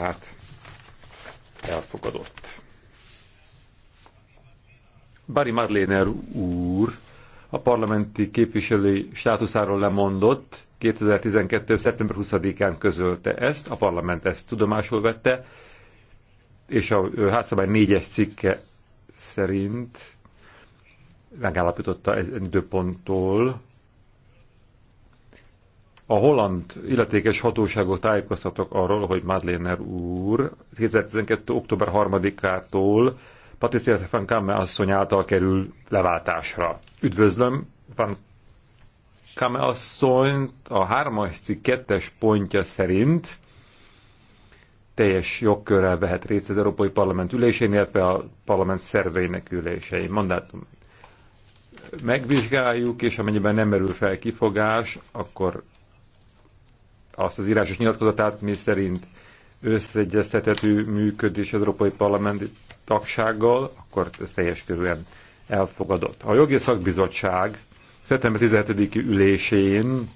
tehát elfogadott. Bari Marléner úr a parlamenti képviselői státuszáról lemondott, 2012. szeptember 20-án közölte ezt, a parlament ezt tudomásul vette, és a házszabály négyes cikke szerint megállapította ez időponttól, a holland illetékes hatóságot tájékoztatok arról, hogy Madlener úr 2012. október 3-ától Patricia van Kamme asszony által kerül leváltásra. Üdvözlöm van Kamme asszonyt a 3. cikk 2 pontja szerint teljes jogkörrel vehet részt az Európai Parlament ülésén, illetve a parlament szerveinek ülései. Mandátum megvizsgáljuk, és amennyiben nem merül fel kifogás, akkor azt az írásos nyilatkozatát, mi szerint összeegyeztethető működés az Európai Parlamenti tagsággal, akkor ez teljes körülön elfogadott. A jogi szakbizottság szeptember 17. ülésén